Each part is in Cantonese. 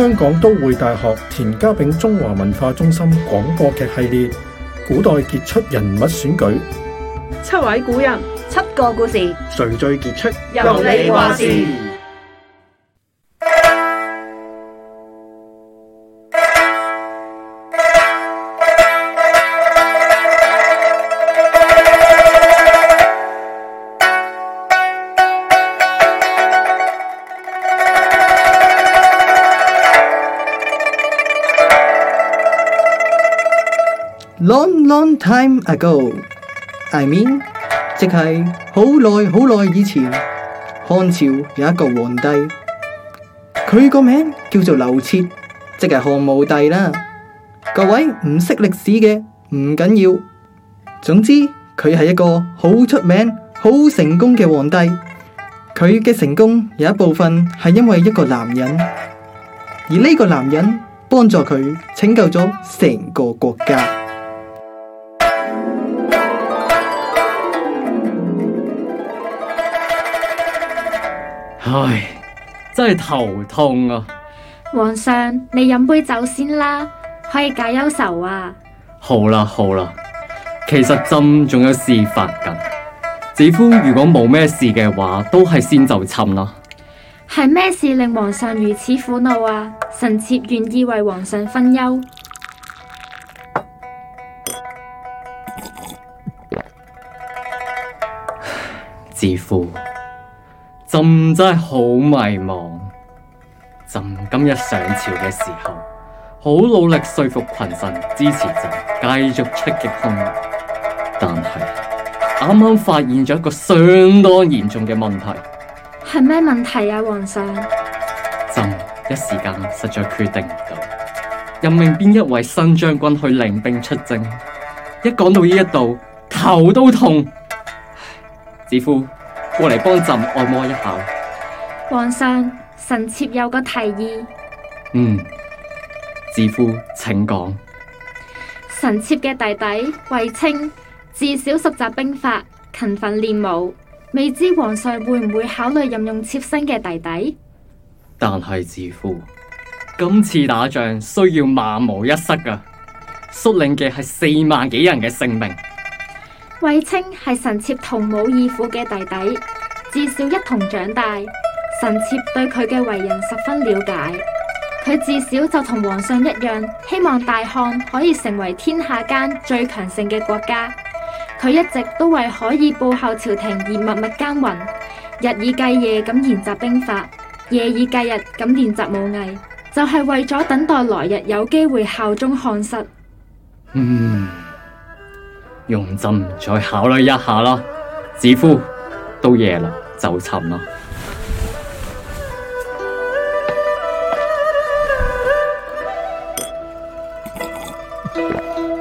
香港都會大學田家炳中華文化中心廣播劇系列：古代傑出人物選舉，七位古人，七個故事，誰最傑出？由你話事。Long time ago, I mean，即係好耐好耐以前，漢朝有一個皇帝，佢個名叫做劉徹，即係漢武帝啦。各位唔識歷史嘅唔緊要，總之佢係一個好出名、好成功嘅皇帝。佢嘅成功有一部分係因為一個男人，而呢個男人幫助佢拯救咗成個國家。唉，真係頭痛啊！皇上，你飲杯酒先啦，可以解憂愁啊！好啦好啦，其實朕仲有事發緊。子夫，如果冇咩事嘅話，都係先就寢啦。係咩事令皇上如此苦惱啊？臣妾願意為皇上分憂。子夫。朕真係好迷茫。朕今日上朝嘅時候，好努力說服群臣支持朕繼續出擊匈奴，但係啱啱發現咗一個相當嚴重嘅問題。係咩問題啊，皇上？朕一時間實在決定唔到，任命邊一位新將軍去領兵出征。一講到呢一度，頭都痛。唉，子夫。過嚟幫朕按摩一下。皇上，臣妾有個提議。嗯，子夫請講。臣妾嘅弟弟衛青自小熟習兵法，勤奮練武，未知皇上會唔會考慮任用妾身嘅弟弟？但係子夫，今次打仗需要萬無一失啊。率領嘅係四萬幾人嘅性命。衛青係臣妾同母異父嘅弟弟，自小一同長大。臣妾對佢嘅為人十分了解，佢自小就同皇上一樣，希望大漢可以成為天下間最強盛嘅國家。佢一直都為可以報效朝廷而默默耕耘，日以繼夜咁研習兵法，夜以繼日咁練習武藝，就係、是、為咗等待來日有機會效忠漢室。嗯用朕再考慮一下啦，子夫都夜啦，就寢啦、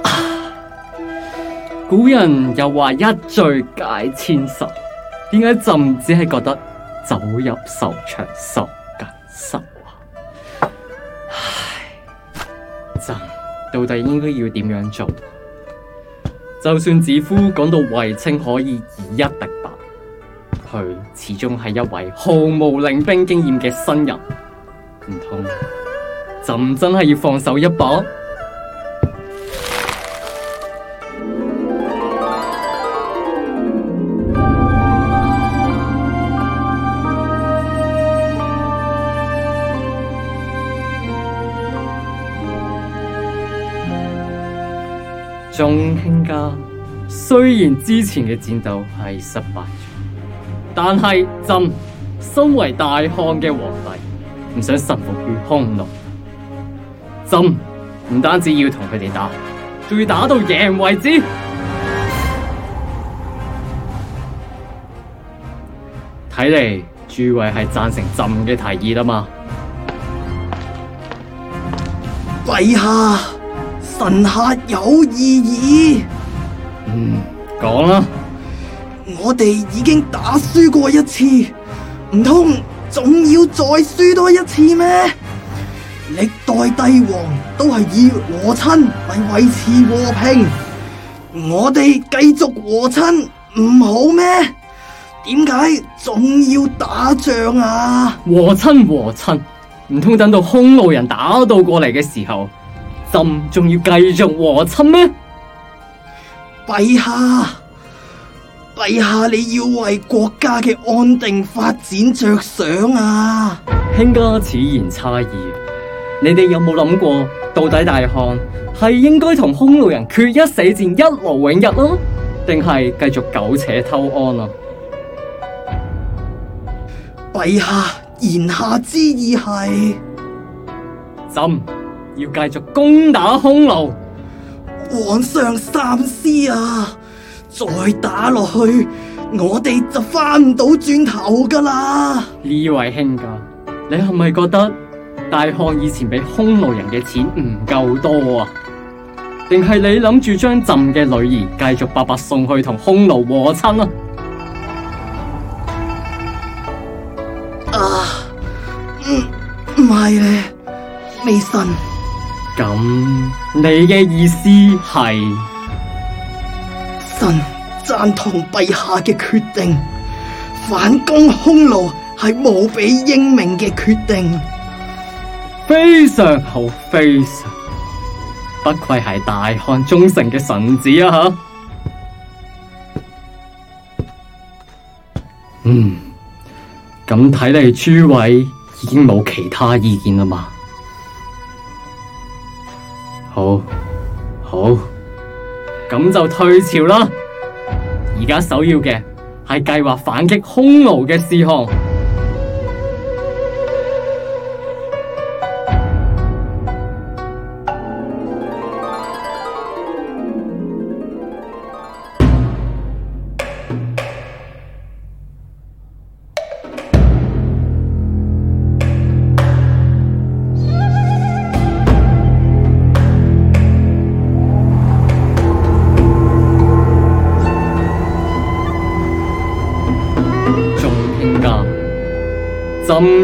啊。古人又話一醉解千愁，點解朕只係覺得酒入愁腸愁更愁啊？唉，朕到底應該要點樣做？就算子夫講到衛青可以以一敵百，佢始終係一位毫無領兵經驗嘅新人，唔通朕真係要放手一搏？雖然之前嘅戰鬥係失敗咗，但係朕身為大漢嘅皇帝，唔想臣服於匈奴。朕唔單止要同佢哋打，仲要打到贏為止。睇嚟諸位係贊成朕嘅提議啦嘛？陛下，臣下有異議。講啦，我哋已經打輸過一次，唔通仲要再輸多一次咩？歷代帝王都係以和親嚟維持和平，我哋繼續和親唔好咩？點解仲要打仗啊？和親，和親，唔通等到匈奴人打到過嚟嘅時候，朕仲要繼續和親咩？陛下，陛下，你要為國家嘅安定發展着想啊！卿家此言差矣。你哋有冇諗過，到底大漢係應該同匈奴人決一死戰，一勞永逸咯、啊，定係繼續苟且偷安啊？陛下，言下之意係朕要繼續攻打匈奴。皇上三思啊！再打落去，我哋就翻唔到轉頭噶啦！呢位兄噶，你係咪覺得大漢以前俾匈奴人嘅錢唔夠多啊？定係你諗住將朕嘅女兒繼續白白送去同匈奴和親啊？啊，唔唔係咧，微臣。咁你嘅意思係？臣贊同陛下嘅決定，反攻匈奴係無比英明嘅決定，非常好，非常，不愧係大漢忠誠嘅臣子啊！吓，嗯，咁睇嚟諸位已經冇其他意見啦嘛？好，好，咁就退朝啦。而家首要嘅係計劃反擊匈奴嘅事項。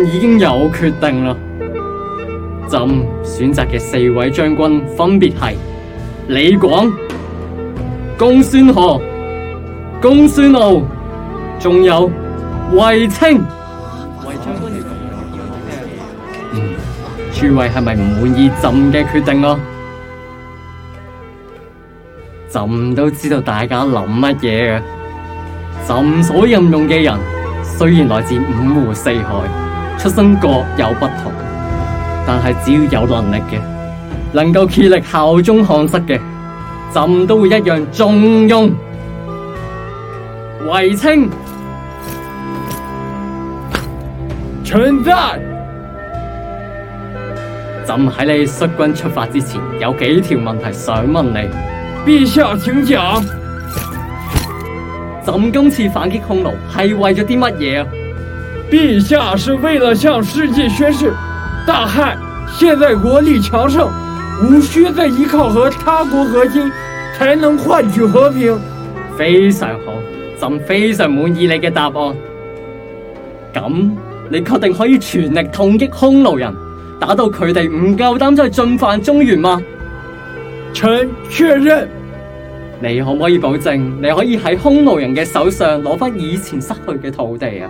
已經有決定啦。朕選擇嘅四位將軍分別係李廣、公孫賀、公孫敖，仲有衛青。嗯，諸位係咪唔滿意朕嘅決定咯？朕都知道大家諗乜嘢嘅。朕所任用嘅人雖然來自五湖四海。出身各有不同，但係只要有能力嘅，能夠竭力效忠漢室嘅，朕都會一樣重用。衛青，臣在，朕喺你率軍出發之前，有幾條問題想問你。陛下，請講。朕今次反擊匈奴，係為咗啲乜嘢陛下，是為了向世界宣示，大漢現在國力強盛，無需再依靠和他國和親才能換取和平。非常好，朕非常滿意你嘅答案。咁，你確定可以全力痛擊匈奴人，打到佢哋唔夠膽再進犯中原嗎？臣確認。你可唔可以保證，你可以喺匈奴人嘅手上攞返以前失去嘅土地啊？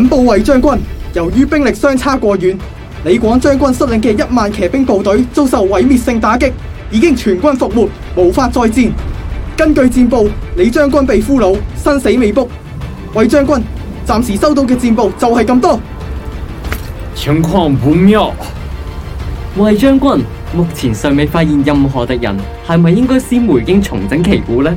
稟報衛將軍。由於兵力相差過遠，李廣將軍率領嘅一萬騎兵部隊遭受毀滅性打擊已經全軍覆沒，無法再戰。根據戰報，李將軍被俘虜，生死未卜。衛將軍，暫時收到嘅戰報就係咁多。情況不妙。衛將軍，目前尚未發現任何敵人，係咪應該先回京重整旗鼓呢？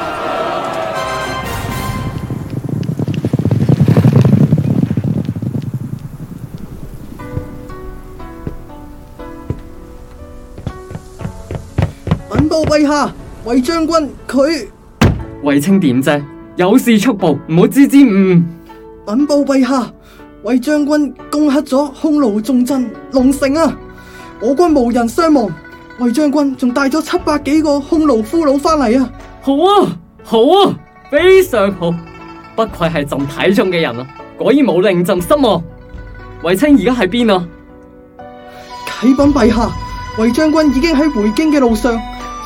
報陛下，衛將軍，佢衛青點啫？有事速報，唔好支支吾吾。稟報陛下，衛將軍攻克咗匈奴重鎮龍城啊！我軍無人傷亡，衛將軍仲帶咗七百幾個匈奴俘虜翻嚟啊！好啊，好啊，非常好，不愧係朕睇中嘅人啊！果然冇令朕失望。衛青而家喺邊啊？啟稟陛下，衛將軍已經喺回京嘅路上。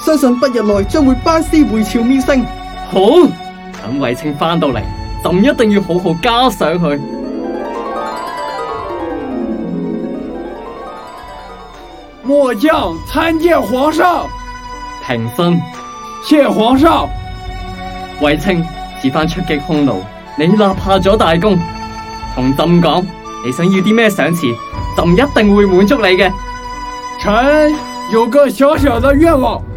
相信不日內將會班師回朝，面聖好。等衛青翻到嚟，朕一定要好好加賞佢。末將參見皇上。平身。謝皇上。衛青此番出擊匈奴，你立下咗大功。同朕講，你想要啲咩賞賜，朕一定會滿足你嘅。臣有個小小的願望。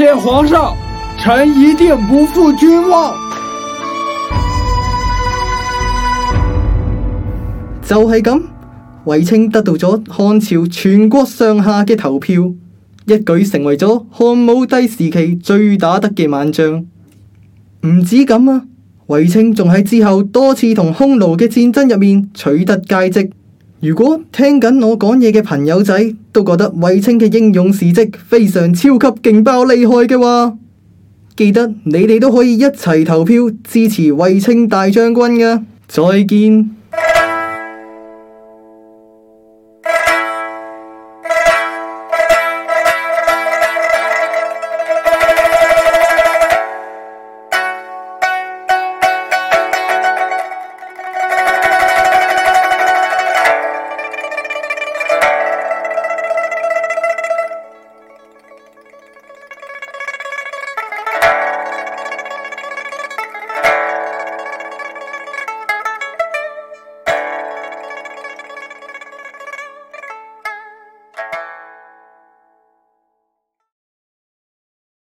謝皇上，臣一定不負君望。就係、是、咁，衛青得到咗漢朝全國上下嘅投票，一舉成為咗漢武帝時期最打得嘅猛將。唔止咁啊，衛青仲喺之後多次同匈奴嘅戰爭入面取得佳績。如果聽緊我講嘢嘅朋友仔都覺得衛青嘅英勇事蹟非常超級勁爆厲害嘅話，記得你哋都可以一齊投票支持衛青大將軍㗎！再見。